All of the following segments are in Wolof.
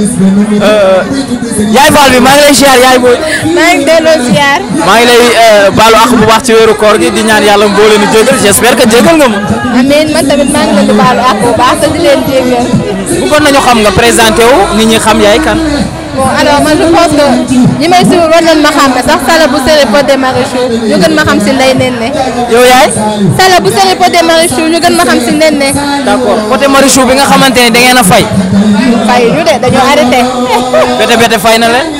Euh, yaay Fall bi maa ngi lay ziar yaay booy. maa ngi delloo ziar. maa ngi lay euh, baalu àq bu baax ci weeru koor gi di ñaan yàlla boo leen di jégal j'espère que nga ma. amiin man tamit maa ngi leen di baalu àq bu baax leen jégal. bëggoon nañu xam nga présenté wu nit ñi xam yaay kan. bon alors man je pense ñi may suivre war nañ ma xam ne sax Salla Bousso les Pod des Marichou ñu gën ma xam si lay nen ne. yow yaay. Salla Bousso les Pod des Marichou ñu gën ma xam si nen ne. d'accord Pod des Marichou bi nga xamante ne da ngeen a fay. fay ñu de dañoo arrêté. bete bete fay na leen.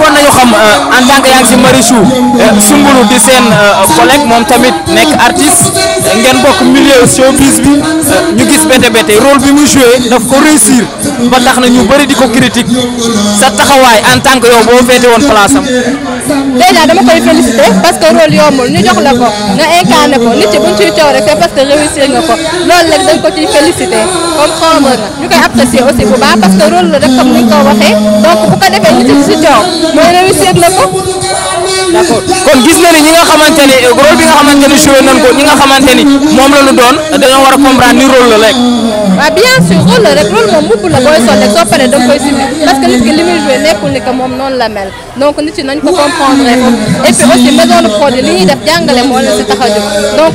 bëggoon nañu xam euh, en tant que yaa ngi si Marichou euh, Soumboulou di seen euh, collègue moom tamit nekk artiste ngeen bokk milieu showbiz bi ñu gis Bété Bété rôle bi mu joué daf ko réussir ba tax na ñu bëri di ko critique sa taxawaay en tant que yow boo féete woon place déjà dama koy félicité parce que rôle yombul ñu jox la ko nga incarné ko nit ci buñ ciy coow rek c'est parce que réussir nga ko loolu rek dañ ko ciy félicité comprendre na ñu koy apprécier aussi bu baax parce que la rek comme ni ñu ko waxee donc bu ko defee nit ci si coow mooy réussir na ko. d'accord kon gis na ni ñi nga xamante ni rôle bi nga xamante ni joué nañ ko ñi nga xamante ni moom la ñu doon dañoo war a comprendre ni rôle la rek. waaw bien sûr rôle la rek rôle moom mbubb la booy sol rek soo paree da koy simbi parce que nit li muy joué nekkul ni que moom noonu la mel donc nit ñi nañ ko comprendre rek et puis aussi maison li ñuy def jàngale moo la si tax a jóg donc.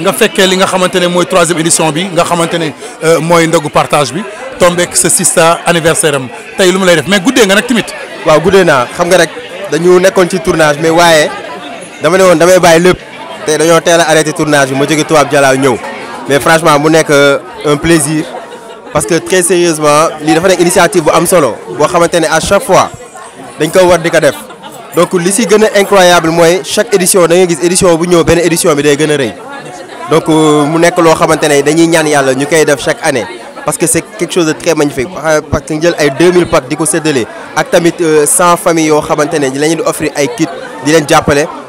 nga fekkee li nga xamante moy 3 troisième édition bi nga xamante ne euh, mooy ndogu partage bi tombé tombeek ce sista anniversaire am tay luma lay def mais goudé nga nak tamit. waaw goudé na xam nga rek dañu nekkoon ci tournage mais wayé dama ne woon damay baye lépp tay dañu téla arrêté tournage bi ma jóge tubaab jalaaw ñew mais franchement mu nekk euh, un plaisir parce que très sérieusement li dafa nekk initiative bu am solo bo xamante à chaque fois dañ ko war di ko def donc li ci gëna incroyable moy chaque édition da nga gis édition bu ñëw benn édition bi day gëna a donc euh, mu sommes tous les gens dañuy ñaan yàlla ñu def chaque année parce que c'est quelque chose de très magnifique parce que y ay 2000 packs de ko séddale ak tamit 100 euh, familles qui nous ne di offrir ay di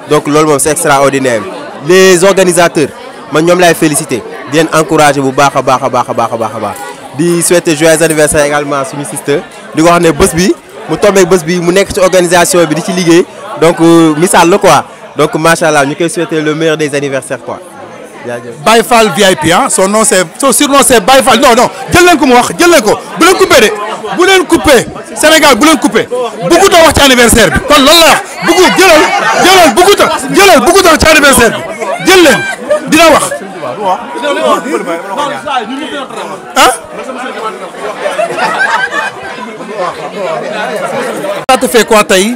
donc c'est extraordinaire les organisateurs man ñoom laay féliciter di leen encourager bu baax a joyeux anniversaire également suñu sister di ko wax ne bés bi mu tombé bés bi mu nekk ci organisation bi di ci liggéey donc euh, misaal la quoi donc macha allah ñu nous souhaiter le meilleur des anniversaires quoi. Baifal VIP hein. son nom c'est son surnom c'est Baifal. Não, non non jël leen ko mu wax jël leen ko bu leen coupé de bu leen coupé Sénégal bu leen coupé bëggut a wax ci anniversaire bi kon loolu la wax bëggu jëlal jëlal bëggut a jëlal anniversaire bi jël leen ça te fait quoi tey.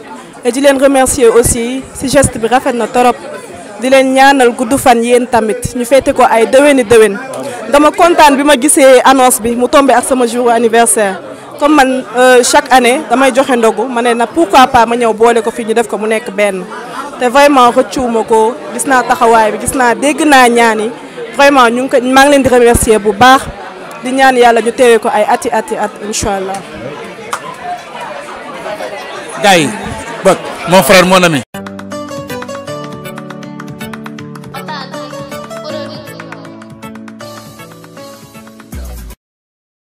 et di leen remercier aussi si geste bi rafet na torop di leen ñaanal guddu fan yeen tamit ñu fété ko ay déwéni déwén dama contane bima ma annonce bi mu tomber ak sama jour anniversaire comme man euh, chaque année damay joxe ndogu mané na pourquoi pas ma ñew bolé ko fi ñu def ko mu nekk ben té vraiment rëccuwuma ko gis na taxaway bi gis na dégg na ñaan vraiment ñu ma ngi leen di remercier bu baax di ñaan yalla ñu teewee ko ay ati ati at inshallah gay Bak, mon frère, mon ami.